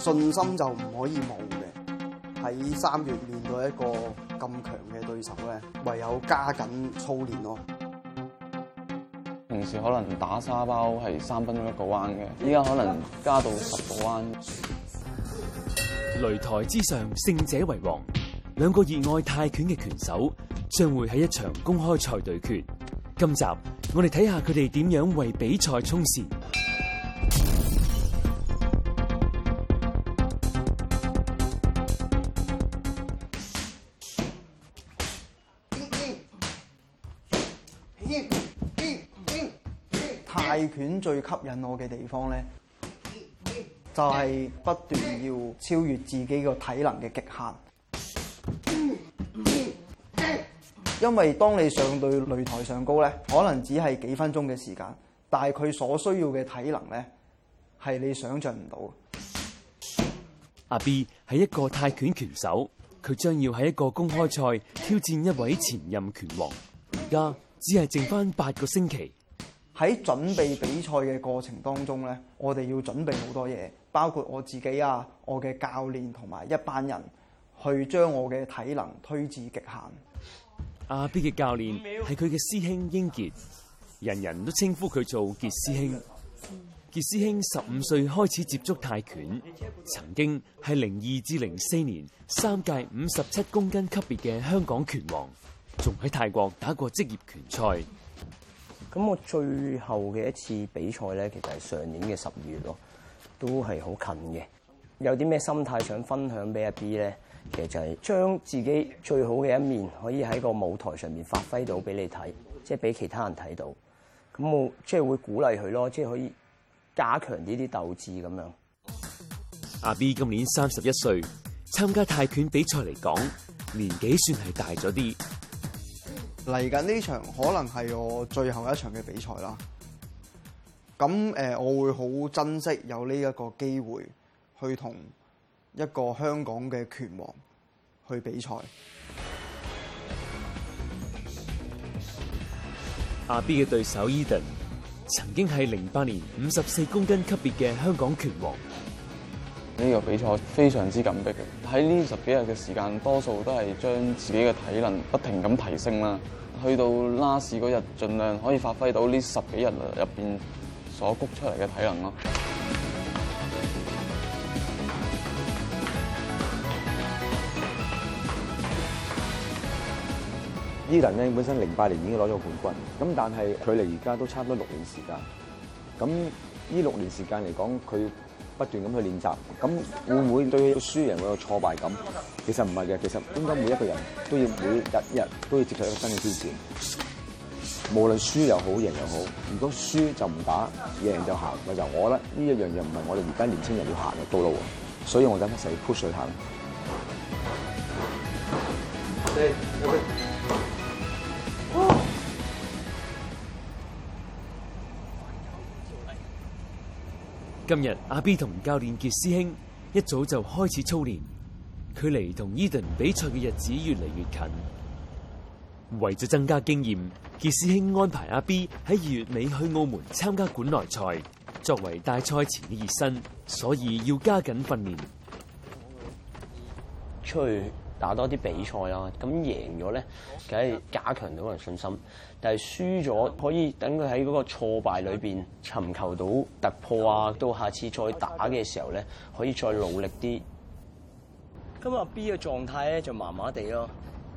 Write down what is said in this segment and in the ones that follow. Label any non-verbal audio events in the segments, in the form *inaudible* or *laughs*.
信心就唔可以冇嘅，喺三月面對一個咁強嘅對手咧，唯有加緊操練咯、啊。平時可能打沙包係三分鐘一個彎嘅，依家可能加到十個彎。擂台之上，勝者為王。兩個熱愛泰拳嘅拳手將會喺一場公開賽對決。今集我哋睇下佢哋點樣為比賽衝線。拳最吸引我嘅地方呢，就係不斷要超越自己個體能嘅極限。因為當你上到擂台上高呢可能只係幾分鐘嘅時間，但係佢所需要嘅體能呢，係你想象唔到。阿 B 係一個泰拳拳手，佢將要喺一個公開賽挑戰一位前任拳王。而家只係剩翻八個星期。喺準備比賽嘅過程當中呢，我哋要準備好多嘢，包括我自己啊，我嘅教練同埋一班人去將我嘅體能推至極限。阿 B 嘅教練係佢嘅師兄英傑，人人都稱呼佢做傑師兄。傑師兄十五歲開始接觸泰拳，曾經係零二至零四年三屆五十七公斤級別嘅香港拳王，仲喺泰國打過職業拳賽。咁我最後嘅一次比賽咧，其實係上年嘅十二月咯，都係好近嘅。有啲咩心態想分享俾阿 B 咧？其實就係將自己最好嘅一面，可以喺個舞台上面發揮到俾你睇，即係俾其他人睇到。咁我即係會鼓勵佢咯，即係可以加強呢啲鬥志咁樣。阿 B 今年三十一歲，參加泰拳比賽嚟講，年紀算係大咗啲。嚟緊呢場可能係我最後一場嘅比賽啦。咁誒，我會好珍惜有呢一個機會去同一個香港嘅拳王去比賽。阿 B 嘅對手 Eden 曾經係零八年五十四公斤級別嘅香港拳王。呢個比賽非常之緊迫嘅。喺呢十幾日嘅時間，多數都係將自己嘅體能不停咁提升啦。去到 last 嗰日，盡量可以發揮到呢十幾日入邊所谷出嚟嘅體能咯。伊藤咧本身零八年已經攞咗冠軍，咁但係距離而家都差唔多六年時間，咁呢六年時間嚟講，佢。不斷咁去練習，咁會唔會對輸贏會有挫敗感？其實唔係嘅，其實應解每一個人都要每日日都要接受一個新嘅挑戰，無論輸又好贏又好。如果輸就唔打，贏就行，咪就是，我咧呢一樣嘢唔係我哋而家年青人要行嘅道路，所以我哋一就去 push 水行。 *music* 今日阿 B 同教練傑師兄一早就開始操練，距離同伊頓比賽嘅日子越嚟越近，為咗增加經驗，傑師兄安排阿 B 喺二月尾去澳門參加館內賽，作為大賽前嘅熱身，所以要加緊訓練。出。打多啲比賽啊！咁贏咗咧，梗係加強到個人信心。但係輸咗，可以等佢喺嗰個挫敗裏面尋求到突破啊！到下次再打嘅時候咧，可以再努力啲。今日 B 嘅狀態咧就麻麻地咯，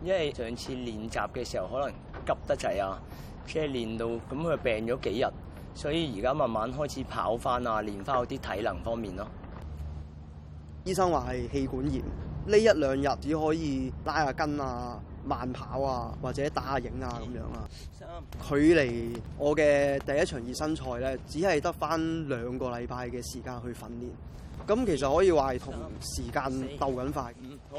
因為上次練習嘅時候可能急得滯啊，即係練到咁佢病咗幾日，所以而家慢慢開始跑翻啊，練翻好啲體能方面咯。醫生話係氣管炎。呢一兩日只可以拉下筋啊、慢跑啊，或者打下影啊咁樣啦。距離我嘅第一場熱身賽咧，只係得翻兩個禮拜嘅時間去訓練。咁其實可以話係同時間鬥緊快。好。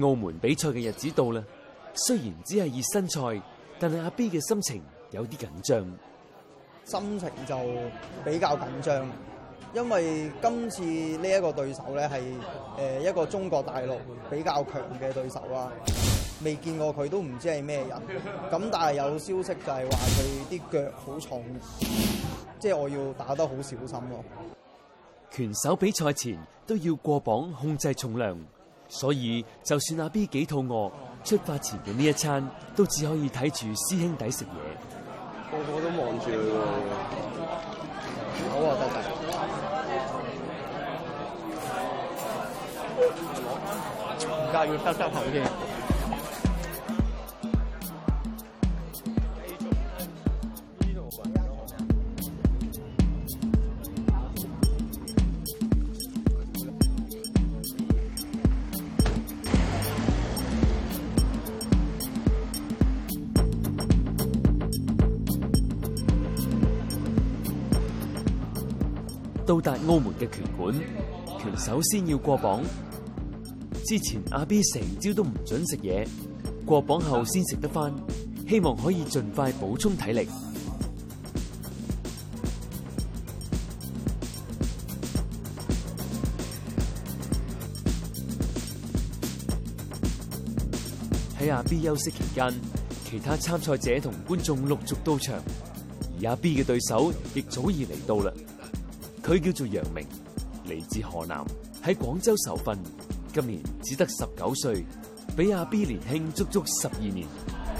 澳門比賽嘅日子到啦。雖然只係熱身賽，但係阿 B 嘅心情有啲緊張。心情就比較緊張。因為今次呢一個對手咧係誒一個中國大陸比較強嘅對手啊，未見過佢都唔知係咩人，咁但係有消息就係話佢啲腳好重，即係我要打得好小心咯。拳手比賽前都要過磅控制重量，所以就算阿 B 幾肚餓，出發前嘅呢一餐都只可以睇住師兄弟食嘢。個個都望住，好啊，到達澳門嘅拳館，拳手先要過磅。之前阿 B 成朝都唔准食嘢，過磅後先食得返，希望可以盡快補充體力。喺阿 B 休息期間，其他參賽者同觀眾陸續到場，而阿 B 嘅對手亦早已嚟到啦。佢叫做楊明，嚟自河南，喺廣州受訓。今年只得十九歲，比阿 B 年輕足足十二年。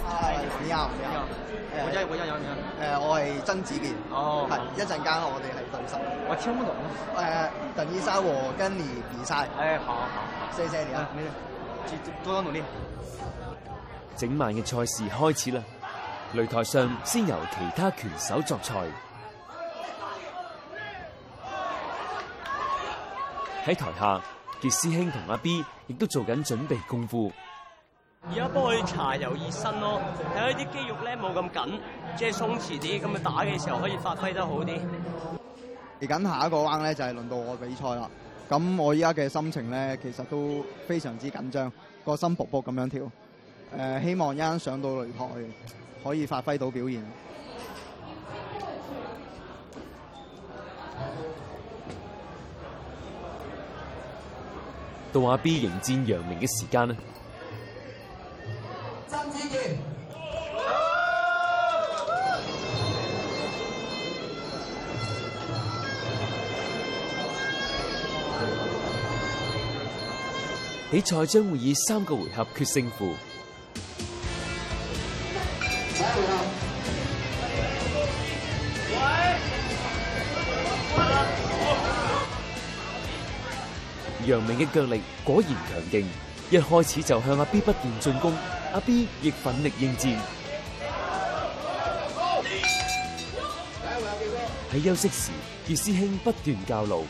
係你好，你好，我真誒，我係曾子健。哦，係一陣間我哋係對手。我聽不懂。誒，鄧醫生和 Ginny 比賽。誒，好好，謝謝你啊，你多多努力。整晚嘅賽事開始啦，擂台上先由其他拳手作賽。喺台下。傑師兄同阿 B 亦都做緊準備功夫。而家幫佢搽油熱身咯，睇下啲肌肉咧冇咁緊，即係鬆弛啲，咁啊打嘅時候可以發揮得好啲。而緊下一個 round 咧就係輪到我比賽啦。咁我依家嘅心情咧其實都非常之緊張，個心卜卜咁樣跳。誒、呃，希望一上到擂台可以發揮到表現。到阿 B 迎戰楊明嘅時間啦！比賽將會以三個回合決勝負。楊明嘅腳力果然強勁，一開始就向阿 B 不斷進攻，阿 B 亦奮力應戰。喺休息時，傑師兄不斷教路。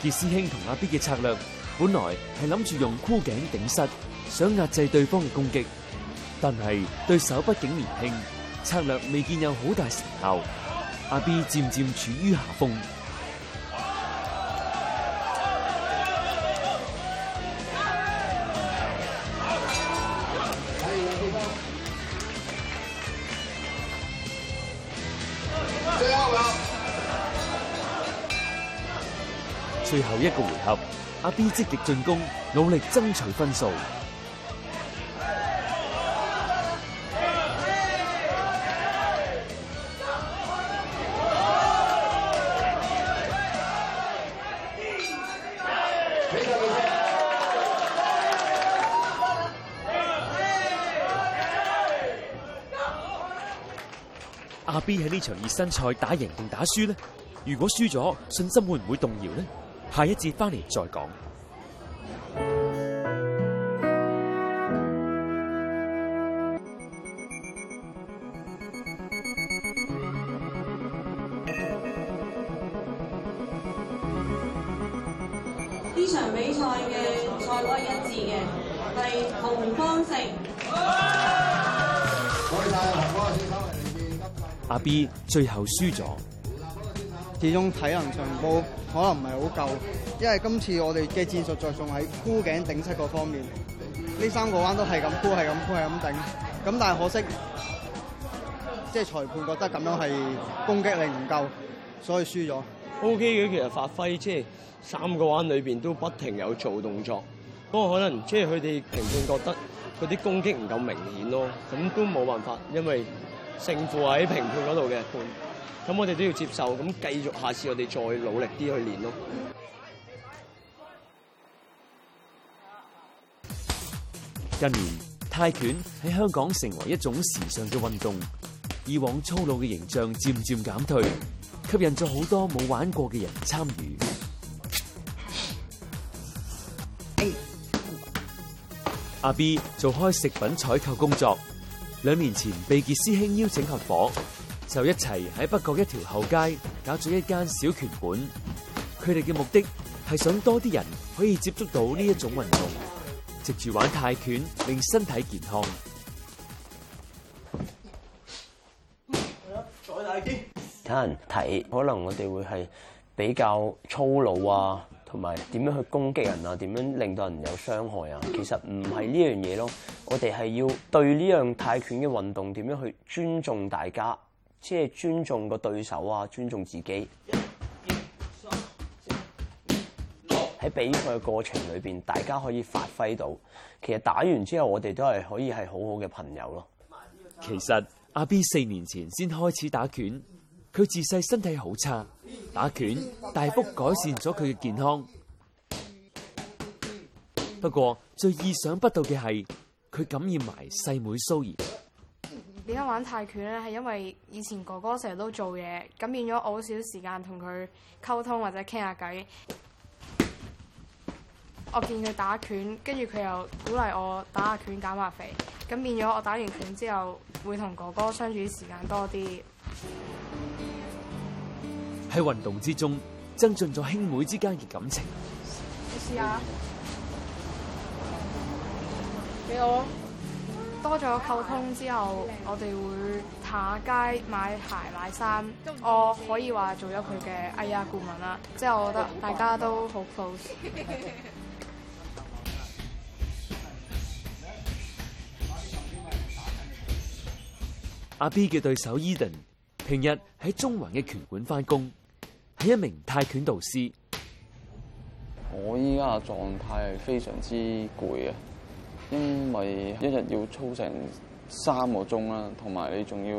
傑師兄同阿 B 嘅策略本來係諗住用箍頸頂膝，想壓制對方嘅攻擊。但係對手畢竟年輕，策略未見有好大成效。阿 B 漸漸處於下風。最後一個回合，阿 B 積極進攻，努力爭取分數。阿 B 喺呢場熱身賽打贏定打輸呢？如果輸咗，信心會唔會動搖呢？下一節翻嚟再講。呢場比賽嘅賽果一致嘅係紅方勝。方選手。阿 B 最後輸咗，始終體能上報可能唔係好夠，因為今次我哋嘅戰術著重喺箍頸頂膝嗰方面，呢三個彎都係咁箍，係咁箍，係咁頂，咁但係可惜，即係裁判覺得咁樣係攻擊力唔夠，所以輸咗。O.K. 其實發揮即係、就是、三個彎裏邊都不停有做動作，不過可能即係佢哋評判覺得嗰啲攻擊唔夠明顯咯，咁都冇辦法，因為。勝負喺評判嗰度嘅判，咁我哋都要接受，咁繼續下次我哋再努力啲去練咯。近年泰拳喺香港成為一種時尚嘅運動，以往粗魯嘅形象漸漸減退，吸引咗好多冇玩過嘅人參與。文阿 B 做開食品採購工作。兩年前被傑師兄邀請合伙，就一齊喺北角一條後街搞咗一間小拳館。佢哋嘅目的係想多啲人可以接觸到呢一種運動，藉住玩泰拳令身體健康。睇人睇，可能我哋會係比較粗魯啊。同埋點樣去攻擊人啊？點樣令到人有傷害啊？其實唔係呢樣嘢咯，我哋係要對呢樣泰拳嘅運動點樣去尊重大家，即係尊重個對手啊，尊重自己。喺比賽嘅過程裏邊，大家可以發揮到。其實打完之後，我哋都係可以係好好嘅朋友咯。其實阿 B 四年前先開始打拳，佢自細身體好差。打拳大幅改善咗佢嘅健康，不過最意想不到嘅係佢感染埋細妹蘇怡。點解玩泰拳咧？係因為以前哥哥成日都做嘢，咁變咗我好少時間同佢溝通或者傾下偈。我見佢打拳，跟住佢又鼓勵我打下拳減下肥，咁變咗我打完拳之後會同哥哥相處時間多啲。喺運動之中，增進咗兄妹之間嘅感情。你試下，幾好，多咗溝通之後，我哋會行下街買鞋買衫。我可以話做咗佢嘅哎呀顧問啦，即係我覺得大家都好 close。 *laughs* 阿 B 嘅對手 Eden 平日喺中環嘅拳館返工。是一名泰拳導師。我依家嘅狀態係非常之攰啊，因為一日要操成三個鐘啦，同埋你仲要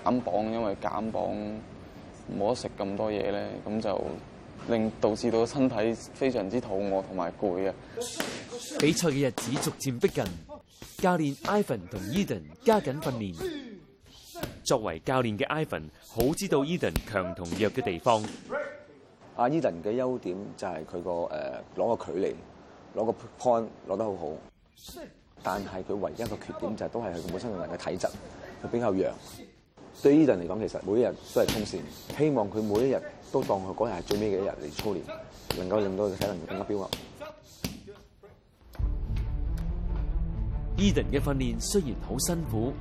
減磅，因為減磅冇得食咁多嘢咧，咁就令導致到身體非常之肚餓同埋攰啊。比賽嘅日子逐漸逼近，教練 Ivan 同 Eden 加緊訓練。作為教練嘅 Ivan 好知道 Eden 強同弱嘅地方。阿 Eden 嘅優點就係佢個誒攞個距離，攞個 point 攞得好好。但係佢唯一一個缺點就係、都係佢本身個人嘅體質，佢比較弱。對 Eden 嚟講，其實每一日都係衝刺，希望佢每一日都當佢嗰日係最尾嘅一日嚟操練，能夠令到佢體能更加彪悍。Eden 嘅訓練雖然好辛苦。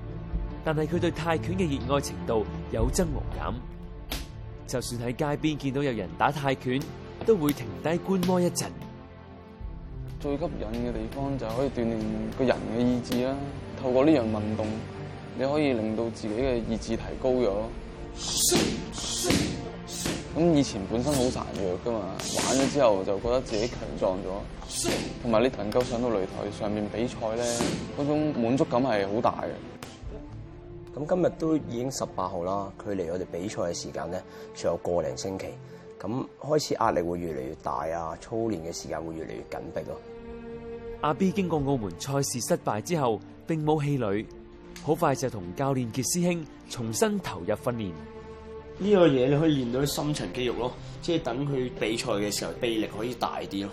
但係佢對泰拳嘅熱愛程度有增無減，就算喺街邊見到有人打泰拳，都會停低觀摩一陣。最吸引嘅地方就係可以鍛煉個人嘅意志啦。透過呢樣運動，你可以令到自己嘅意志提高咗。咁以前本身好孱弱噶嘛，玩咗之後就覺得自己強壯咗，同埋你能夠上到擂台上面比賽咧，嗰種滿足感係好大嘅。咁今日都已經十八號啦，距離我哋比賽嘅時間咧，仲有個零星期。咁開始壓力會越嚟越大啊，操練嘅時間會越嚟越緊迫咯。阿 B 經過澳門賽事失敗之後，並冇氣餒，好快就同教練杰師兄重新投入訓練。呢個嘢你可以練到深層肌肉咯，即係等佢比賽嘅時候臂力可以大啲咯。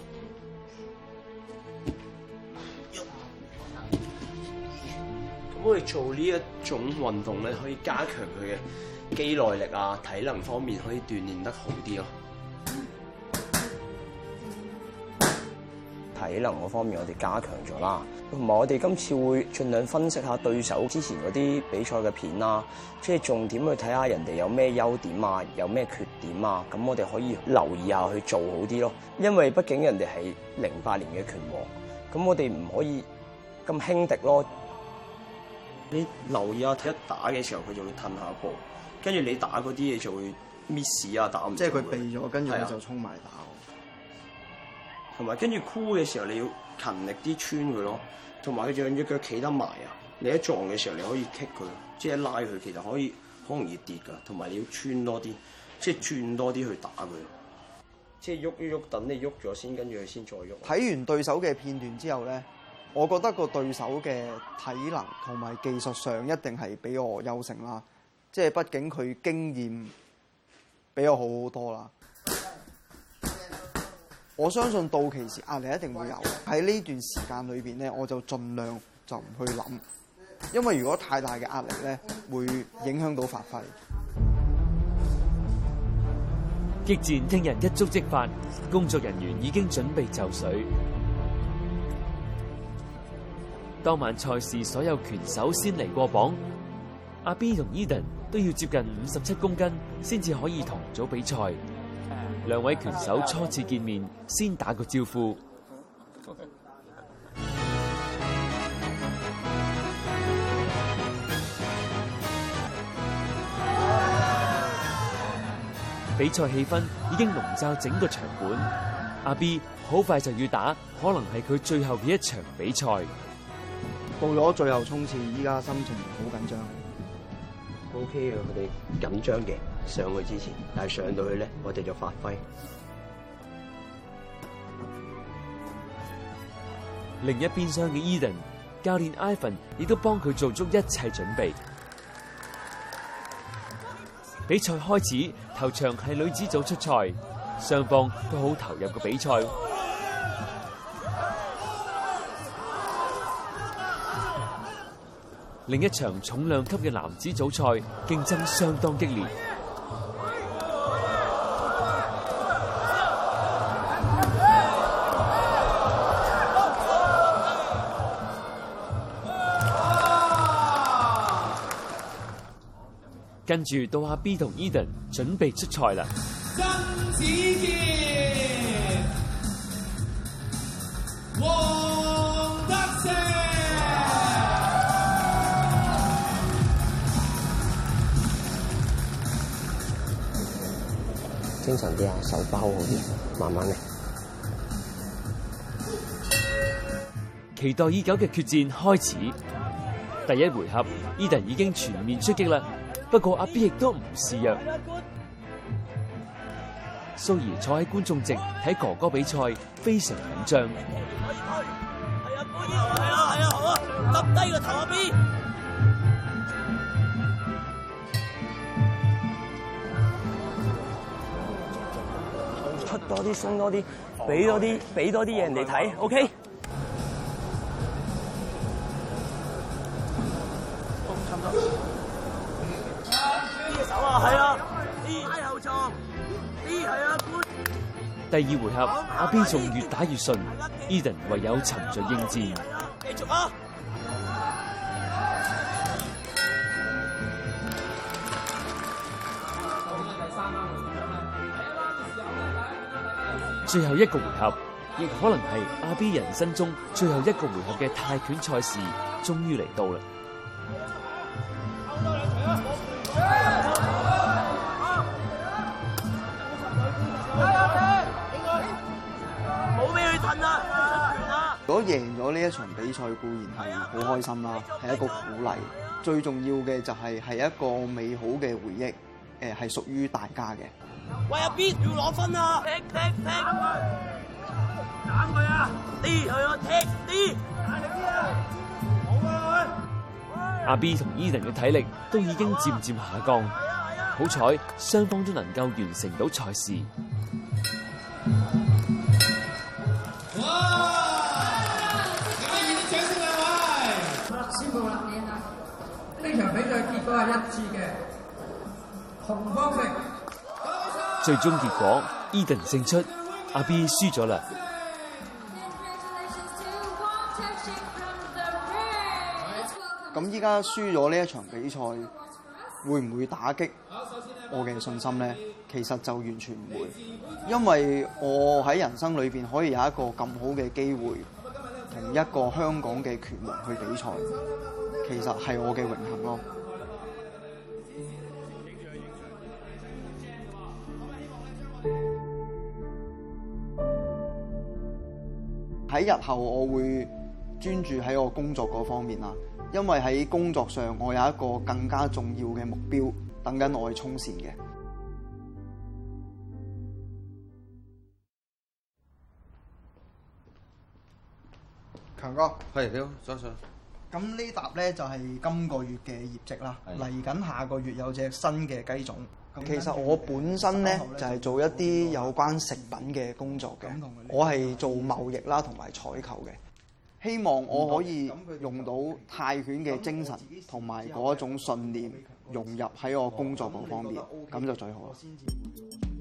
咁佢做呢一種運動咧，你可以加強佢嘅肌耐力啊，體能方面可以鍛煉得好啲咯。體能嗰方面我哋加強咗啦，同埋我哋今次會盡量分析下對手之前嗰啲比賽嘅片啊，即係重點去睇下人哋有咩優點啊，有咩缺點啊，咁我哋可以留意下去做好啲咯。因為畢竟人哋係零八年嘅拳王，咁我哋唔可以咁輕敵咯。你留意啊，睇一打嘅時候佢就會褪下步，跟住你打嗰啲嘢就會 miss 啊，打唔到，即係佢避咗，跟住你就衝埋打。同埋跟住箍嘅時候你要勤力啲穿佢咯，同埋佢仲要隻腳企得埋啊！你一撞嘅時候你可以 kick 佢，即係拉佢，其實可以好容易跌㗎。同埋你要穿多啲，即係轉多啲去打佢，即係喐一喐，等你喐咗先，跟住佢先再喐。睇完對手嘅片段之後咧。我覺得個對手嘅體能同埋技術上一定係比我優勝啦，即係畢竟佢經驗比我好好多啦。我相信到期時壓力一定會有，喺呢段時間裏邊呢我就盡量就唔去諗，因為如果太大嘅壓力呢，會影響到發揮。激戰聽日一觸即發，工作人員已經準備就緒。當晚賽事所有拳手先嚟過磅，阿 B 同 Eden 都要接近五十七公斤先至可以同組比賽。兩位拳手初次見面，先打個招呼。比賽氣氛已經籠罩整個場館。阿 B 好快就要打，可能係佢最後嘅一場比賽。到咗最後衝刺，依家心情好緊張。OK 嘅，佢哋緊張嘅上去之前，但係上到去咧，我哋就發揮。另一邊廂嘅 Eden，教練 Ivan 亦都幫佢做足一切準備。比賽開始，頭場係女子組出賽，雙方都好投入嘅比賽。另一場重量級嘅男子組賽，競爭相當激烈，跟住到阿 B 同 Eden 準備出賽啦。精神啲啊，手包好啲，慢慢嚟。期待已久嘅決戰開始，第一回合，伊達已經全面出擊啦。不過阿 B 亦都唔示弱。蘇怡的坐喺觀眾席睇哥哥比賽，非常緊張。係啊，半腰，係啊，係啊，好啊，耷低個頭，阿 B。多啲，送多啲下，俾多啲，俾多啲嘢人哋睇，OK。第二回合，阿 B 仲越打越順，Eden 唯有沉著應戰。繼續啊。最後一個回合，亦可能係阿 B 人生中最後一個回合嘅泰拳賽事，終於嚟到啦！多兩場啊！好啊！好啊！加油！頂住！冇俾佢吞啊！如果贏咗呢一場比賽，固然係好開心啦，係一個鼓勵。最重要嘅就係係一個美好嘅回憶，誒係屬於大家嘅。喂，阿 B 要攞分啊！踢踢踢，踢踢打佢 他，啊！啲佢要踢啲，大力啲啊！冇佢，阿 B 同伊人嘅體力都已經漸漸下降，嗯嗯嗯、好彩雙方都能夠完成到賽事。哇！咁已經正式啦喂，辛苦啦，呢場比賽結果係一致嘅，紅方勝。最終結果，Eden 勝出，阿 B 輸咗啦。咁依家輸咗呢一場比賽，會唔會打擊我嘅信心呢？其實就完全唔會，因為我喺人生裏邊可以有一個咁好嘅機會，同一個香港嘅拳王去比賽，其實係我嘅榮幸咯。喺日後，我會專注喺我工作嗰方面啦，因為喺工作上，我有一個更加重要嘅目標，等緊我去衝線嘅。強哥，係了，早晨。咁呢沓呢，就係今個月嘅業績啦，嚟緊下個月有隻新嘅雞種。其實我本身呢，就係做一啲有關食品嘅工作嘅，我係做貿易啦同埋採購嘅，希望我可以用到泰拳嘅精神同埋嗰種信念融入喺我工作嗰方面，咁就最好啦。